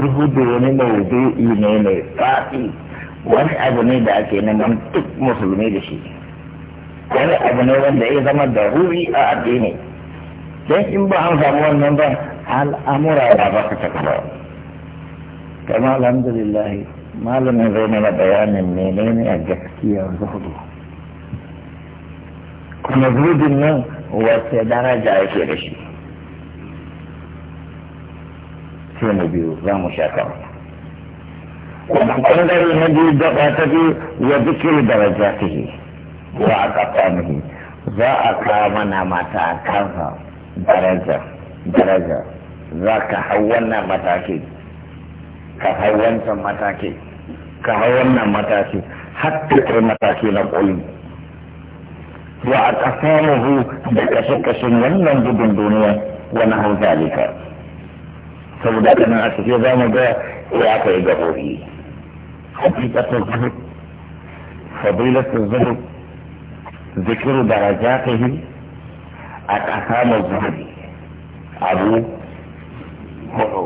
rubuta wani maudu'i ne mai faɗi wani abu ne da ake neman duk musulmi da shi wani abu ne wanda ya zama da ruri a addini don in ba an samu wannan ba al'amura da ba ka taɓa kama alhamdulillah malamin zai mana bayanin menene a gaskiya zuhudu kuma zuhudun nan wace daraja yake da shi sai mu biyu za mu sha kama ɓangare na biyu gaba ta biyu ya zikiri daraja ta yi wa a ƙasa za a kawo mana mata a kansa daraja daraja za ka hau wannan mataki ka hau wancan mataki ka hau wannan mataki har ta kai mataki na ƙoli wa a ƙasa da kashe-kashen wannan gudun duniya wani hau zalika. saboda haka nan a cikin za mu ga ya aka yi gabobi hakikatar zuhud fadilatul zuhud zikiru darajatihi a kasamar zuhud abu hudu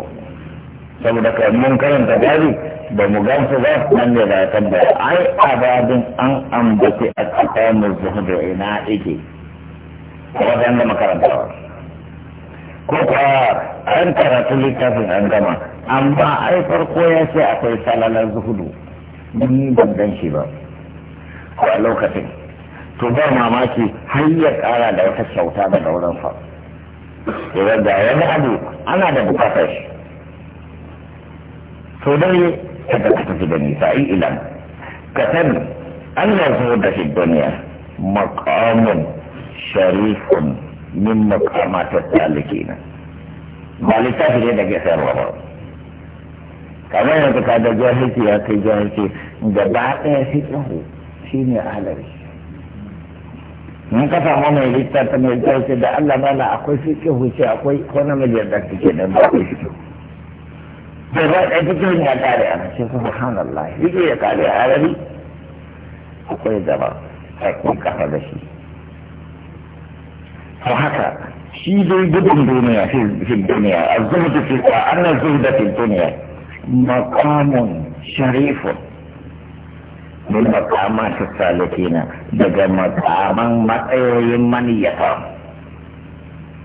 saboda ka mun karanta gari ba mu gamsu ba nan ne ba ba ai ababin an ambace a kasamar zuhud ina ike wajen da makarantawa ko kuwa an karatu littafin an gama amma ai farko ya ce akwai salalar zuhudu ni ban gan shi ba ko a lokacin to ba mamaki har ya kara da wata kyauta daga wurin fa idan da wani abu ana da bukatar shi to dai kada ka tafi da nisa yi ilan ka sani an yanzu da shi duniya makamun sharifun min maqamatat salikina ba littafi ne da ke sayarwa kamar yanzu ka da jahilci ya kai jahilci ba ɗaya shi tsaho shi ne alari mun ka samu mai littafi mai jahilci da Allah bala akwai shi tsaho ce akwai wani miliyar da kake da ba akwai fi tsaho ba ba ɗaya fi ya kare a nan sai subhanallah yake ya kare alari ahalari akwai zama akwai kafa da shi to haka shi dai gudun duniya fi duniya azzahdu fi anna zuhda fi duniya maqamun sharifun min maqamat salikina daga maqaman matsayoyin maniyata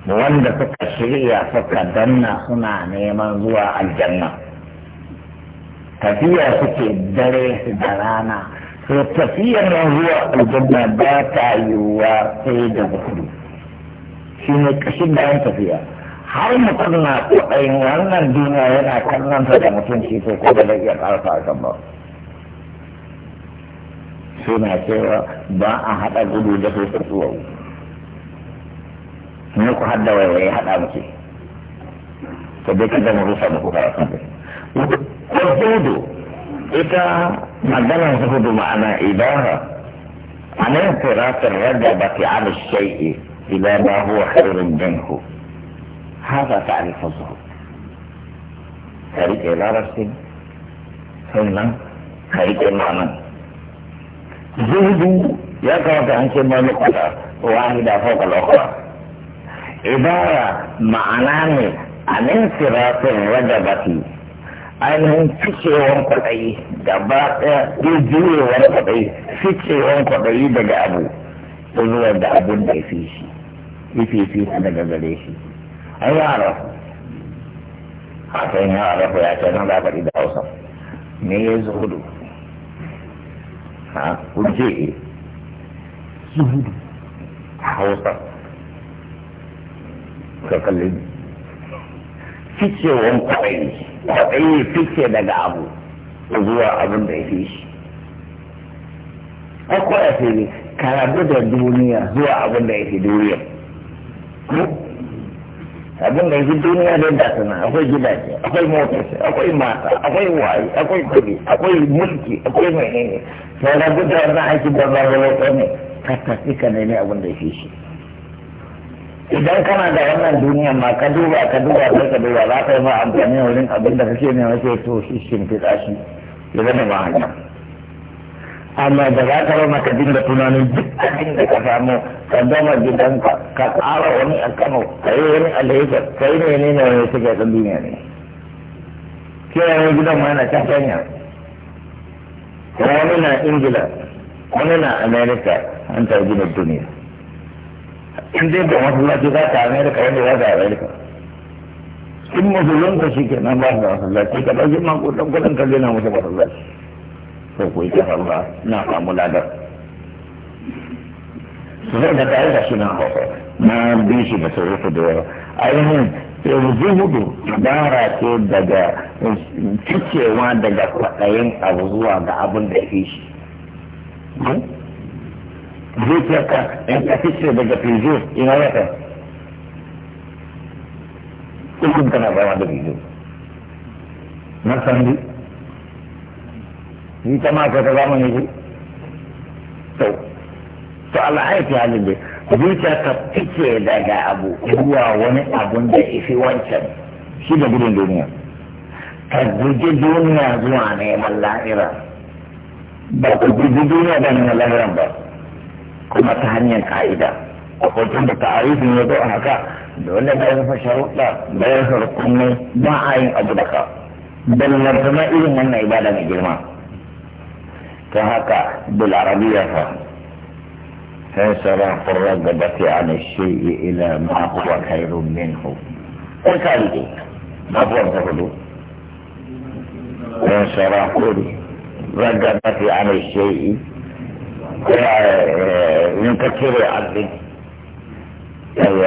wanda suka shirya suka danna suna neman zuwa aljanna tafiya suke dare su da rana tafiya tafiyar zuwa aljanna ba ta yiwuwa sai da gudu. shi ne kashin bayan tafiya har mutum na kwaɗayin wannan duniya yana kallonsa da mutunci ko ko da zai ƙarfa a kan ba suna cewa ba a haɗa gudu da su tsuwa ne ku hadda waiwaye haɗa muke ta dai kada mu rusa muku karatu ko hudu ita maganar hudu ma'ana ibara a nan firatar rada ba ta abu إلى ما هو خير منه هذا تعريف الزهد خريج إلى رأسه ثم خريج المعنى زهد يقعد عن كلمة نقطة واحدة فوق الأخرى عبارة معناه عن انصراف الرجبة ainihin ficewan kwaɗayi gaba ɗaya juyewar kwaɗayi ficewan kwaɗayi daga abu zuwa da abun fifita daga gare shi ai ya rafu hakan ya rafu ya ce nan labari da hausa me ya zuhudu ha kuje e eh. zuhudu hausa ka kalli ficewan kwaɗayi kwaɗayi fice daga abu zuwa abin da ya fi shi akwai a ne karabu da duniya zuwa abin da ya fi duniya abin da yanzu duniya da yadda tana akwai gidaje akwai motoci akwai mata akwai waye akwai kudi akwai mulki akwai menene sai da duk da wannan aikin da zai zama ne ka tafi ka nemi abin da fi shi idan kana da wannan duniya ma ka duba ka duba sai ka duba za ka yi ma amfani wurin abin da kake nema sai to shi shimfiɗa shi ya zama ma hanya amma da za ka rama ka dinga tunanin duk abin da ka samu ka gama gidanka ka ƙara wani a kano ka yi wani a ka yi ne ne na wani suke san duniya ne kira ne gidan ma yana can kenya wani na ingila wani na america an ta gina duniya in dai ba masallaci za ka america wanda za ka america in musulunta shi ke nan ba su masallaci ka ɗauki ɗan kudin ka gina musu masallaci sai ku yi ta saura na samu ladar zai da tare da shi na hausa na bi shi da surutu da yawa ainihin yanzu hudu dabara ce daga cikewa daga kwaɗayin abu zuwa ga abin da fi shi hmm? zuciyarka in ka fice daga fijo ina wata. kullum kana zama da fijo na sandi ni ta ma ka ta zamani ne to to Allah ya ta halin zuciya ta fice daga abu zuwa wani abun da ifi wancan shi da gudun duniya ka guji duniya zuwa neman lahira ba ku guji duniya da neman lahiran ba kuma ta hanyar ka'ida akwai da ta'arifin ya zo a haka da wanda bai rufe sharuɗa bai rufe rukunin ba a yin abu da ka ballantana irin wannan ibada mai girma فهكا بالعربية فانصراف الرغبة عن الشيء إلى ما هو خير منه وكالدي ما هو الظهر وانصراف الرغبة عن الشيء ينكسر عقلي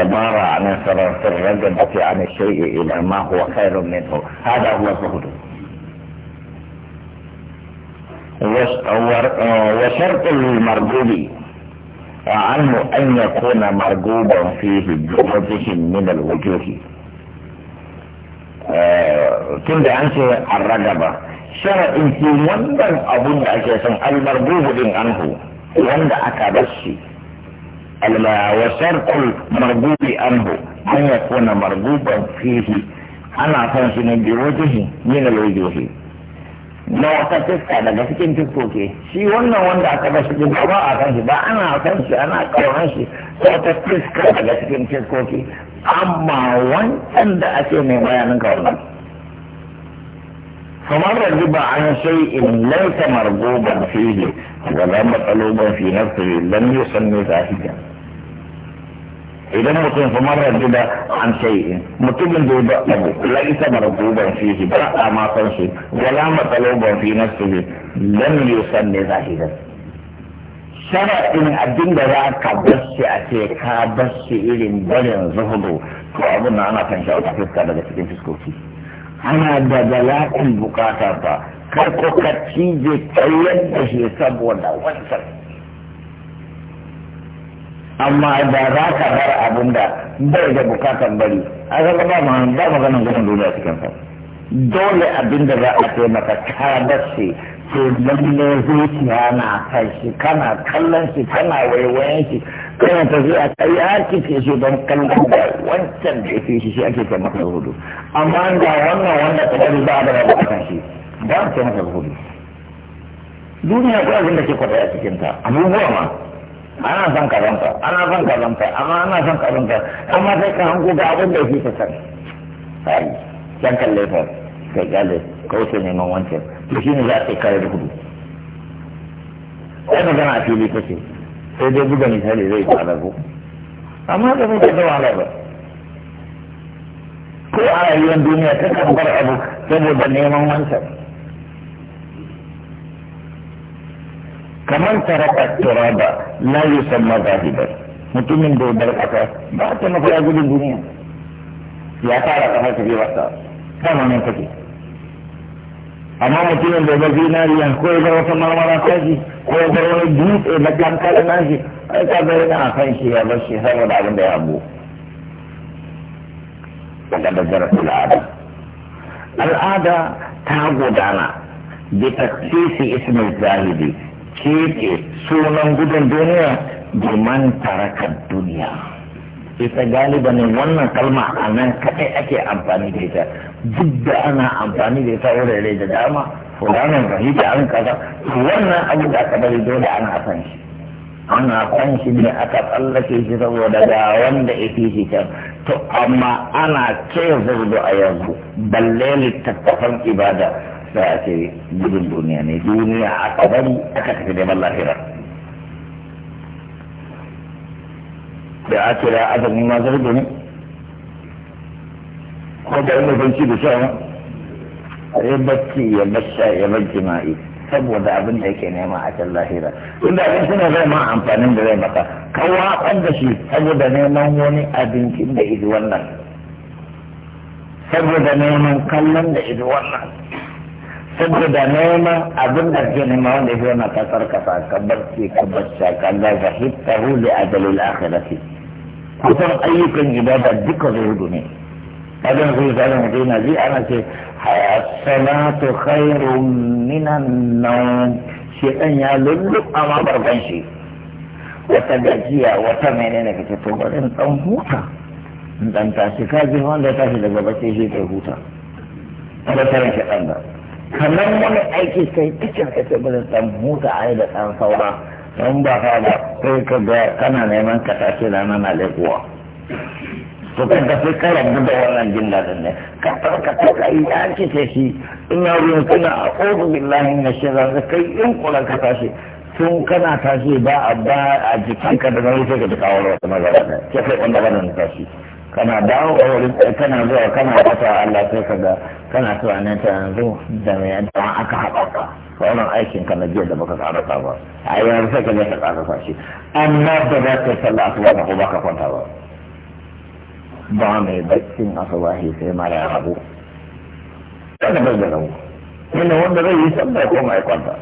مارا عن انصراف الرغبة عن الشيء إلى ما هو خير منه هذا هو الظهر وشرط المرغوب عنه أن يكون مرغوبا فيه بوجه من الوجوه tunda an ce an ragaba shara'in ke wannan abun da ake son almarbubu din anhu wanda aka bar shi wasarkul margubi anhu an ya kuna marguban fihi ana son shi ne bi wajihi min alwajihi na wata fiska daga cikin fiskoke shi wannan wanda aka bashi din ba a kan shi ba ana kan shi ana kauran shi ta wata fiska daga cikin fiskoke amma wancan da ake mai bayanin ka kamar da ba an sai in laita margoban fili ga zama matsalolin fi nafsi lam yusanni zahijan idan mutum fa mara dida an shay'in mutumin da ya abu laisa marbuban shi ba a ma san shi wala ba fi nafsihi lam yusanni zahidan in abin da za ka bashi a ce ka bashi irin barin zuhudu to abin nan ana san shi a fuska daga cikin fuskoki ana da bala'in bukata ba kar ko ka cije ka yadda shi saboda wancan amma da za ka bar abin da bai da bukatan bari a zaka ba mu ba maganan gudun duniya cikin sa dole abin da za a taimaka ka shi to lalle zuciya na kai shi kana kallon shi kana waiwayen shi kana ta zuwa kai ya kike shi don kallon da wancan da yake shi shi ake taimaka hudu amma da wannan wanda ta bari ba da bukatan shi ba ta taimaka hudu duniya ko abin da ke kwata a cikin ta abubuwa ma ana son karanta ana son karanta amma ana son karanta amma sai ka hango ga abin da yake san sai kan kalle ta kai gale ne neman wancan to shine za ka kare da kudu sai gana a fili kace sai dai buga misali zai fara ko amma da mun da wala ba ko a rayuwar duniya ta kan bar abu saboda neman wancan kamar taraka turaba la yusamma zahiba mutumin da ya bar kasa ba ta mafi ya gudun duniya ya fara ta tafi wasa kama nan take amma mutumin da ya bar zinariya ko ya bar wata marmara kaji ko ya bar wani dutse na kanka da nashi ai ka ga yana a kan shi ya bar shi saboda abin da ya abu daga da zarafi al'ada al'ada ta gudana bi taksisi ismin zahidi keke sunan gudun duniya domin tarakar duniya ita galiba ne wannan kalma a nan kaɗai ake amfani da ita duk da ana amfani da ita wurare da dama fulanin rahita an kaza wannan abu da aka bari dole ana san shi ana san shi ne aka tsallake shi saboda ga wanda ya shi can to amma ana ce zurdo a yanzu balle littattafan ibada sai a ce gudun duniya ne duniya a kabari aka tafi neman lahira da a ce da azumi ma zai gani. ko da yin abinci da sha ma ya bacci ya bacci ya bar ma'i saboda abin da yake nema a can lahira inda abin suna zai ma amfanin da zai maka kawa kan da shi saboda neman wani abincin da idi wannan saboda neman kallon da idi wannan saboda neman abin da ke nema wanda ya wannan ka karkata ka barci ka barci ka gaza hittahu li ajalil akhirati kusan ayyukan ibada duka hudu ne kadan zai zalim da na ji ana ce salatu khairun minan nawm shi dan ya lullu amma barban shi wata gajiya wata menene kace to bari in dan huta in dan tashi kaji wanda tashi daga bacci shi kai huta kada tarin shi dan kamar wani aiki kai kicin ka ce bada dan musa ai da san saura don ba ka ba sai ka ga kana neman ka tashi rana na lekuwa to kan ka sai ka rabu da wannan jin dadin ne ka farka ta kai ya ce ce shi ya ruwa kana a ƙofu billahi na shirar da kai in kula ka tashi tun kana tashi ba a ba a jikinka da nauyi sai ka ta kawo wata magana ce kai wanda ba tashi kana dawo a wurin eh, kana zuwa kana fata Allah sai ka ga kana so a nan ta yanzu da mai yadda aka haɗa ka wannan aikin ka na jiya da baka karasa ba a yi yanzu sai ka je ka karasa shi amma da za ka yi sallah asuba ba ko ba ka kwanta ba ba mai baccin shi sai mara rabu kada bai da rabu wanda wanda zai yi sallah ko mai kwanta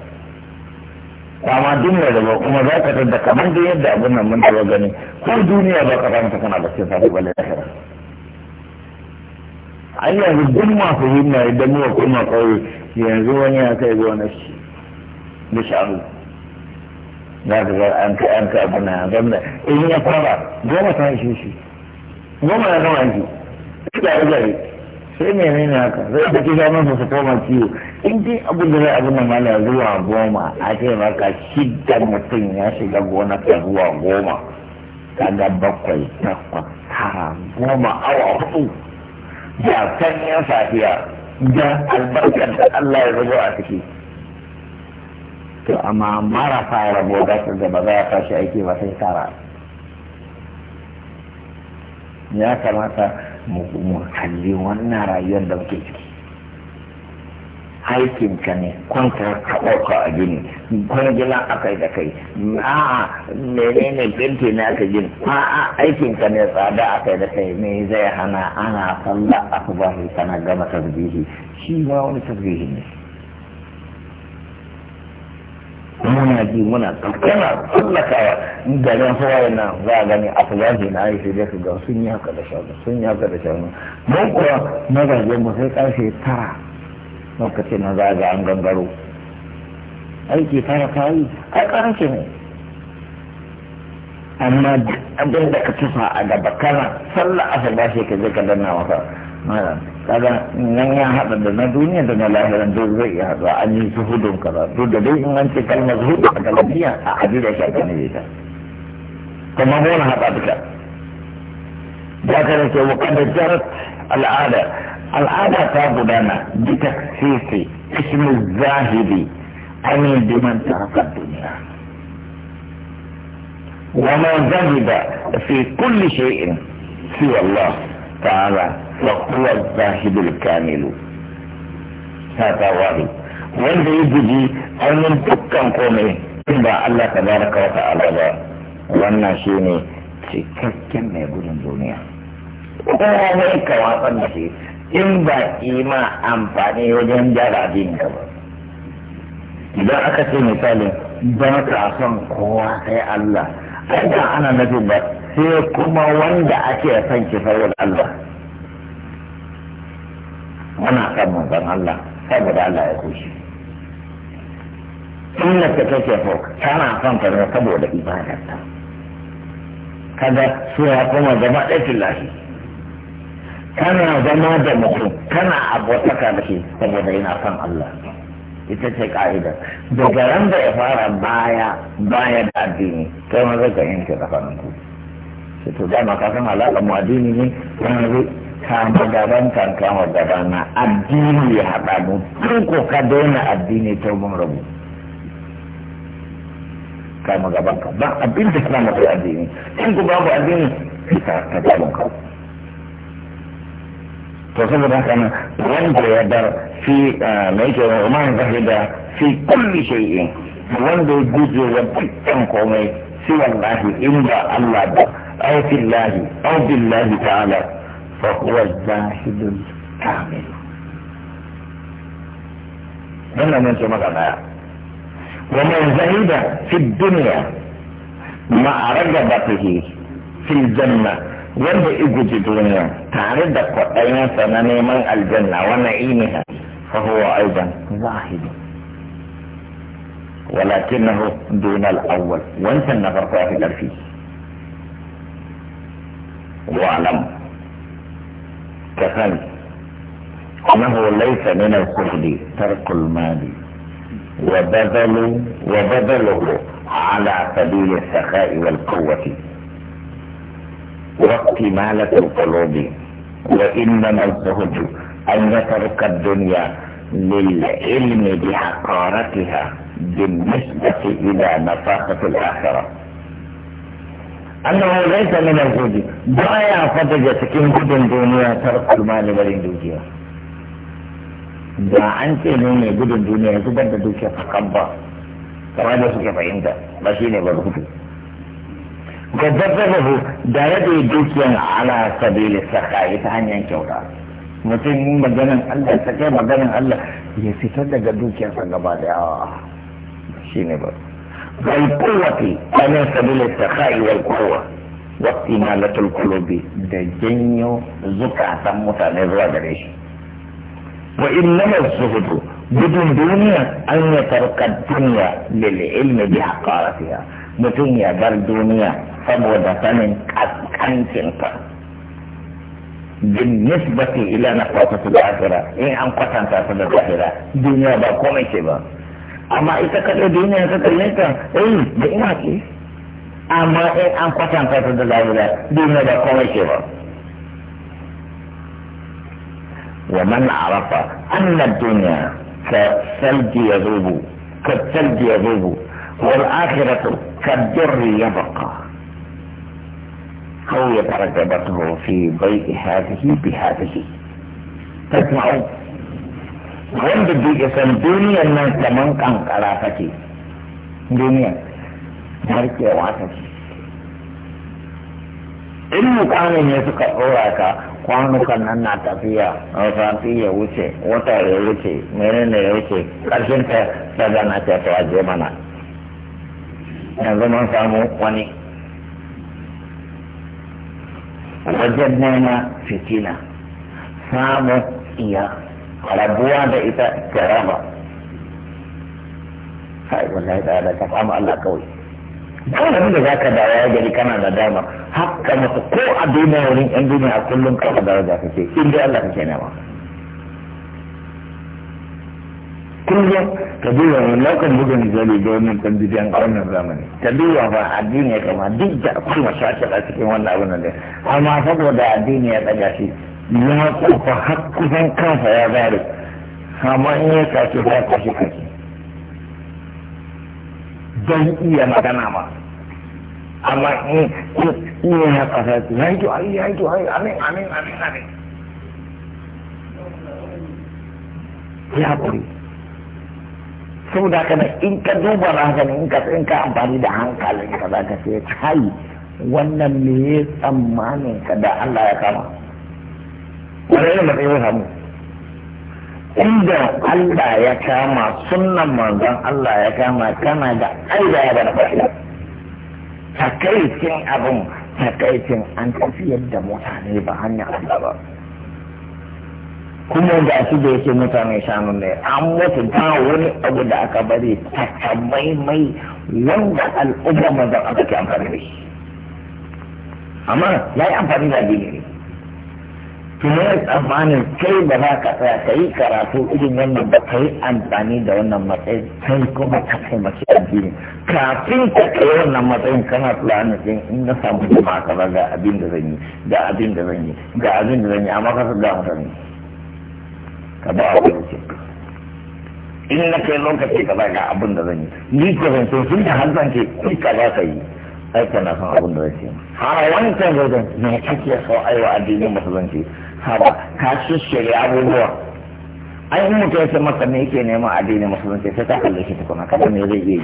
amma duk da kuma za ka tadda kamar da yadda abin nan mun taba gani ko duniya ba ka fahimta kana ba cikin safi balle lahira ai yanzu duk masu himma idan muka koma kauye yanzu wani ya kai gonar shi da shanu za ka ga an kai an kai abin nan gwamna in ya fara goma ta shi shi goma ya gama aiki suka yi gari sai mai nuna haka zai da kisa nan su koma ciwo in ji abin da zai abin da mala zuwa goma a ce maka shidda mutum ya shiga gona ka zuwa goma kaga bakwai takwas tara goma awa hudu da sanyin safiya da albarkar da Allah ya zuba a ciki to amma mara fara boga su da ba za a tashi aiki ba sai tara ya kamata mu kalli wannan rayuwar da muke ciki aikinka ne kwanta ka a gini kwangila aka yi da kai a'a menene binti ne aka gini a'a aikinka ne tsada a yi da kai me zai hana ana sallah aka ba kana gama tasbihi shi ma wani tasbihi ne muna ji muna tsakana tsallakawa garin hawaye na za a gani a fulaji na aiki da ka ga sun yi haka da shanu sun yi haka da shanu don kuwa mazajen mu sai karfe tara lokacin na za a ga an gangaro aiki tara ta yi a karshe ne amma abin da ka tufa a gaba kana sallah asuba shi ka je ka danna wata kaga nan ya haɗa da na duniya da na lahiran duk zai iya haɗa an yi zuhudun kaza duk da dai in an ce kalmar zuhudu a galabiya a adida shi a ganin ita kuma mu na haɗa duka da ka da ke wakanda jarat al'ada al'ada ta gudana bi taksisi ismu zahiri an biman tarakar duniya وما زهد في كل شيء سوى الله تعالى فهو الزاهد الكامل هذا واحد wanda ya guji ainihin dukkan komai in ba Allah ta baraka wa ta'ala ba wannan shi ne cikakken mai gudun duniya kuma mai kawasan da shi in ba ima amfani wajen gyara addinin ka ba idan aka ce misalin ba ka son kowa sai Allah ai da ana nufin ba sai kuma wanda ake son shi saboda Allah mana son manzon Allah saboda Allah ya kushi inda ta kake fok tana son ka ne saboda ibadarta kaga su ya kuma zama ɗaki lafi kana zama da mutum kana abota da shi saboda yana son Allah ita ce ka'ida daga ran da ya fara baya baya da addini kai ma zai ka yanke to dama ka san mu addini ne yanzu kama gaban kan kama gabana addini ya haɗa mu ko ka daina addini ta mun rabu Ka gaban ka ba abin da kana mafi addini in ku babu addini ka ta gaban ka to saboda haka kana wanda ya dar fi eh, mai ke man zahida fi kulli shay'in wanda ya guje wa dukkan komai sai wallahi in ba Allah ba او في الله او بالله تعالى فهو الزاهد الكامل من لم ينسوا مقامها ومن زهد في الدنيا مع رقبته في الجنة وانه اجد الدنيا تعرض قطعين فنعيما الجنة ونعيمها فهو ايضا زاهد ولكنه دون الاول وانت النظر فاهد فيه واعلم كفن انه ليس من الخلد ترك المال وبذل وبذله على سبيل السخاء والقوة واكتمالة القلوب وإنما الزهد أن يترك الدنيا للعلم بحقارتها بالنسبة إلى نفاقة الآخرة annahu laysa min al-gudi ya fada ga cikin gudun duniya ta tarkul da barin dukiya da an ce ne mai gudun duniya zubar da dukiya ta kamba kamar da suke fahimta ba shi ne ba rubutu ga dabbabahu da rage dukiyan ala sabili sakai ta hanyar kyauta mutum maganin Allah ta kai maganin Allah ya fitar daga dukiyarsa gaba da yawa shi ne ba zai kowa ke ɗane sabilin kowa wasu na latin da janyo zukatan mutane zuwa gare shi wa in na masu hudu gudun duniya an yi tarkar duniya da la'ilmi da haƙarafiya mutum ya bar duniya saboda sanin ƙasƙancinta dinnis ba ke ila na kwatanta zahira in an kwatanta su da duniya ba komai ce ba amma ita kaɗai duniya ta kalle ta eh da ina ce amma in an kwatanta ta da lahira duniya ba komai ce ba ومن عرف أن الدنيا كالثلج يذوب كالثلج يذوب والآخرة كالدر يبقى أو يترجبته في بيت هذه بهذه تسمعوا wanda bai ya san duniyar nan kaman kankara take duniyar narkewa take in mukamin ne suka ɗora ka kwanukan nan na tafiya A rafi ya wuce wata ya wuce menene ya wuce ƙarshen ta daga na ta ta je mana yanzu mun samu wani wajen nema fitina samun iya rabuwa da ita karama kai wallahi da da ka fama Allah kawai kawai da zaka dawo ya gari kana da dama hakka mutu ko a duniya wurin yan duniya kullum da daraja kake in dai Allah kake nema kullum ka duba lokacin bugun misali ga wannan kan bidiyan a wannan zamani ka duba ba addini ya kama duk da akwai mashakil a cikin wannan abin da amma saboda addini ya tsaga shi ya kofa har kusan kansa ya zare amma in ya kace za ka shi kace don iya magana ma amma in iya ya kasa ce ya yi to ayi ya yi to ayi amin amin amin amin ya kuri Sau da na in ka duba hankali in ka in ka amfani da hankalin ka za ka ce kai wannan me ya tsammanin ka da Allah ya kama wani irin matsayi zai samu inda Allah ya kama sunan manzon Allah ya kama kana da aida ya bada fa'ida takaicin abin takaicin an tafiyar da mutane ba hanyar Allah ba kuma da su da yake mutane shanu ne an mutu ba wani abu da aka bari takamaimai wanda al'umma manzon aka ke amfani da shi amma ya yi amfani da addini ne kuma tsammanin kai ba za ka tsaya ka yi karatu irin wannan ba ka yi amfani da wannan matsayin sai kuma ka taimaki addini kafin ka kai wannan matsayin kana fulani sai in na samu jama'a kaza ga abin da zan yi ga abin da zan yi ga abin da zan yi amma ka sa da mutane ka ba a wani ce in na kai lokaci kaza ga abin da zan yi ni ko zan so sun da har zan ce in ka za ka yi ai kana san abin da zan yi har zai zan ne kake so aiwa addinin musulunci haɗa ka shirya abubuwa ai in mutum ya san maka me yake neman addinin musulunci sai ka kalle shi tukuna kada me zai iya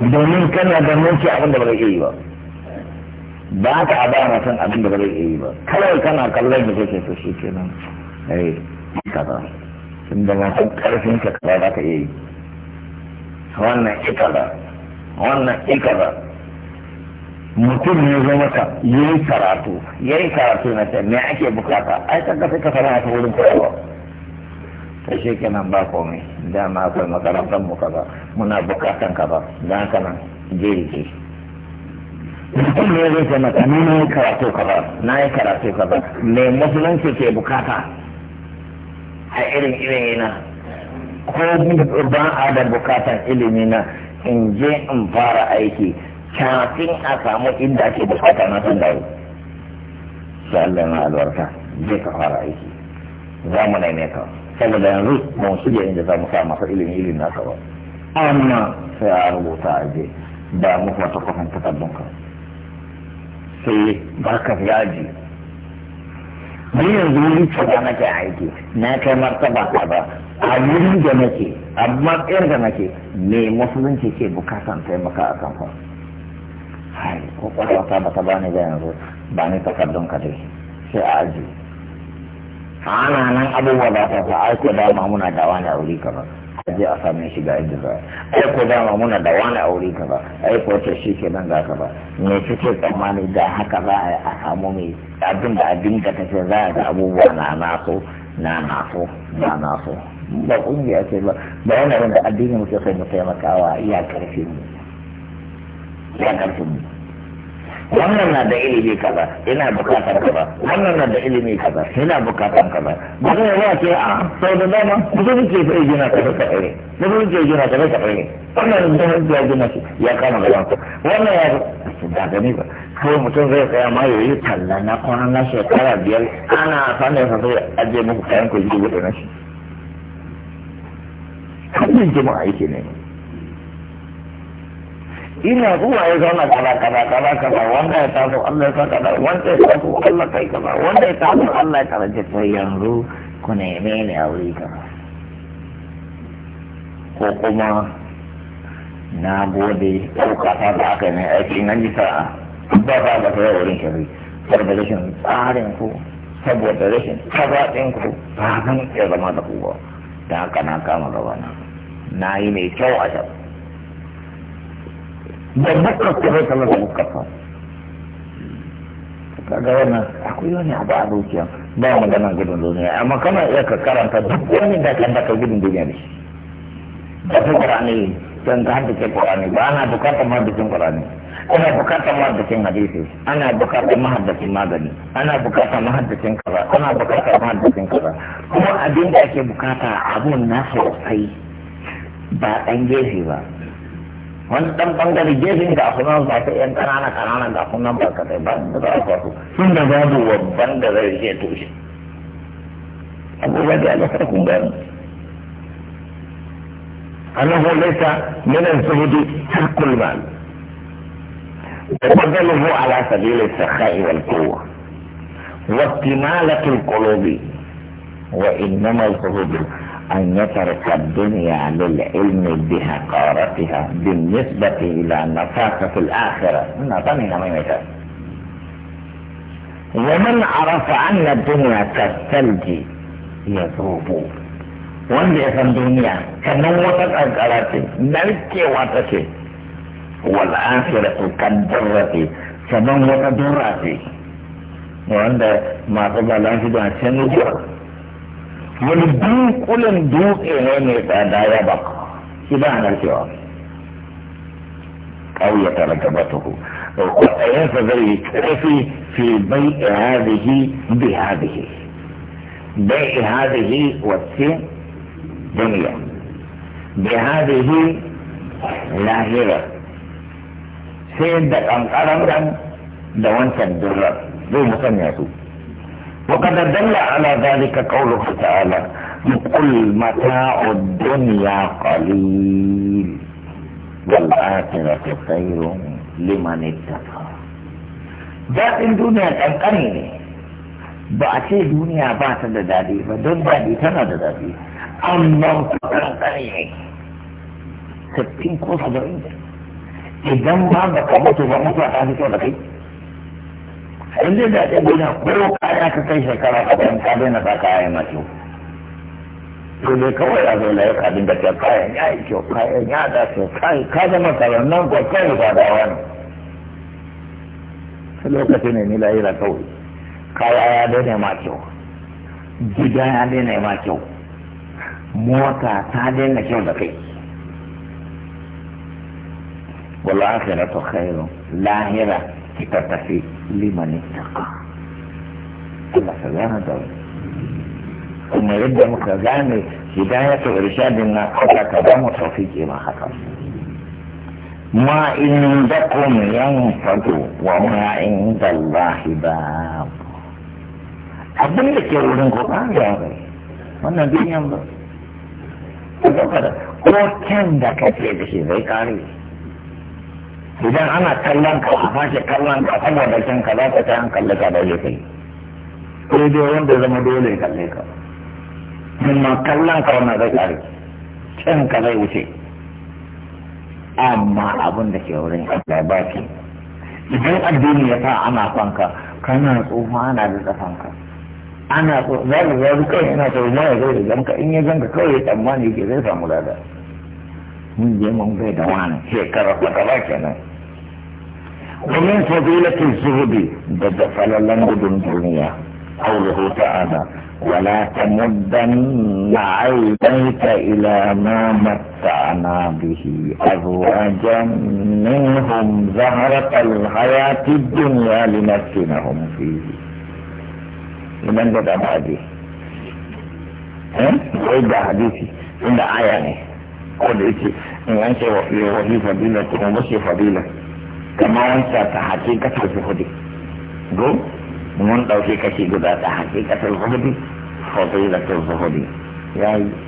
yi domin kana da mulki abin da ba zai iya yi ba ba ka a ba mutum abin da ba zai iya yi ba kawai kana kallon da kake so shi nan. ai eh, kaza tun da masu karfin ka kaza za ka iya yi wannan ikaza wannan ikaza mutum ne zo maka yi karatu yi karatu na ta me ake bukata ai ka kafa ka fara ta wurin koyarwa ta shi kenan ba komai ma akwai makarantar mu kaza muna bukatan ba dan haka nan jeri ce mutum ne zo maka ni na yi karatu kaza na yi karatu kaza me musulunci ke bukata a irin ilimi na ko ban a da bukatan ilimi na in je in fara aiki kafin a samu inda ake bukata na san dawo sai Allah na albarka zai ka fara aiki za mu neme ka saboda yanzu ba mu shirya inda za mu sa masa ilimi ilimi na ba amma sai a rubuta a je da mu wata kwafin takardun ka sai ba ka yaji ni yanzu ni ce da nake aiki na kai martaba ka ba a wurin da nake a matsayar da nake me musulunci ke bukatan taimaka a kan fa hai ko kwakwata ba ta bani ba yanzu ba ni takardun ka dai sai a aji ana nan abubuwa ba ta sa ai ko dama muna da wani aure ka ba aje a sami shi ga yadda za ai ko dama muna da wani aure ka ba ai ko ta shi kenan za ka ba me kike tsammani da haka za a yi a samu mai abin da abin da kake za a ga abubuwa na naso na naso na naso ba kungiya ce ba ba wani abin da addinin mutum ke sai mu taimakawa iya karfin mu ya karfi wannan na da ilimi kaza ina bukatar kaza wannan na da ilimi kaza ina bukatar kaza ba zai ba ce a ah, sau da dama mutum ke sai gina kaza ka ɗaya mutum ke gina kaza ka ɗaya wannan da ya gina shi ya kama gaban ku wannan ya da gani ba ko mutum zai tsaya ma yayi talla na kwanan na shekara biyar ana sanin sa sai aje muku kayan ku ji gudu na shi kan jama'a yake ne ina zuwa ya zauna kaza kaza kaza kaza wanda ya taso Allah ya sa kaza wanda ya taso Allah kai kaza wanda ya taso Allah ya karanta sai yanzu ku neme ne a wuri kaza ko kuma na gode ko kasa da aka ne aiki na ji sa'a ba ba ba ta wurin shari saboda rashin tsarin ku saboda rashin kazaɗin ku ba zan iya zama da ku ba da haka na kama gabana na yi mai kyau a shafi da muka kuma sallar da muka fa kaga wannan akwai wani abu a dukiya ba magana gudun duniya amma kana iya ka karanta duk wani da kan da ka gudun duniya ne da ta qur'ani dan ka haddace qur'ani ba ana bukatar ma bikin qur'ani ana bukatar mahaddacin hadisi ana bukatar mahaddacin magani ana bukatar mahaddacin kaza ana bukatar mahaddacin kaza kuma abin da ake bukata abun na sosai ba dan gefe ba wani dan bangare gefen ga sunan ba ta yan kanana kanana ga sunan ba ka sai ba da za ka su sun da babu babban da zai je to shi abubuwa da Allah sai kun gani annahu laysa min az-zuhdi tarkul mal وبذله على سبيل السخاء والقوة واكتمالة القلوب وإنما الزهد أن يترك الدنيا للعلم بحقارتها بالنسبة إلى نفاق في الآخرة ومن عرف أن الدنيا كالثلج يذوب وان يفهم الدنيا كنوتا الأجرات ملك واتك والآخرة كالدرة فمن وتدرة وان ما قبل أن تدعى يلبون كل دوق إهانة أدايا بقى في معنى الجواب أو يترجمته وقرأيات ذلك في في بيع هذه بهذه بيع هذه والسين دنيا بهذه لاهرة سين دك أنقرم رم دوان سندرر دو مسمياتو وقد دل على ذلك قوله تعالى قل متاع الدنيا قليل والآخرة خير لمن اتقى daɗin duniya ƙanƙani ne ba a ce duniya ba ta da daɗi ba don daɗi tana da daɗi amma ƙanƙani ne sittin idan ba ba ba mutu in dai da ɗaya gina ko kaya ka kai shekara ka ɗan ka daina sa kaya masu to ne kawai a zo layi kaɗin da ta kayan ya yi kyau kayan ya da su kai ka zama tsaron nan ko kai ba da wani lokacin ne nila yi da kawai kaya ya daina ma kyau gida ya daina ma kyau mota ta daina kyau da kai والآخرة خير lahira kita kasih lima nitaka Allah sallama da wani kuma yadda muka gane hidayatul irshadin na haka ka ba mu ma indakum yang indakum wa ma indallahi bab Apa da ke orang ko ba ya Mana dia duniyan ba ko kan da kake da shi zai Kau idan ana kallon ka a fashe kallon ka saboda kin ka za ka ta kalle ka da kai sai dai wanda zama dole kalle ka amma kallon ka wannan zai kare kin ka zai wuce amma abin da ke wurin Allah ba ki idan addini ya sa ana fanka kana tsufa ana da tsafanka ana so za ka zaru kai ina so ma ya zai zanka in ya zanka kai ya tsammani ke zai samu lada mun je mun bai da wani shekarar fatara kenan ومن فضيلة الزهد بدفل لنجد الدنيا قوله تعالى ولا تمدن عينيك إلى ما متعنا به أزواجا منهم زهرة الحياة الدنيا لنفتنهم فيه لمن بدأ بعدي إيه؟ إيه وإذا حديثي إن آية قل إيتي إن أنت وفي فضيلة ومشي فضيلة kama wancan ta hakikatar zuhudi go mun ɗauki kashi guda ta hakikatar zuhudi fadilatul zuhudi ya yi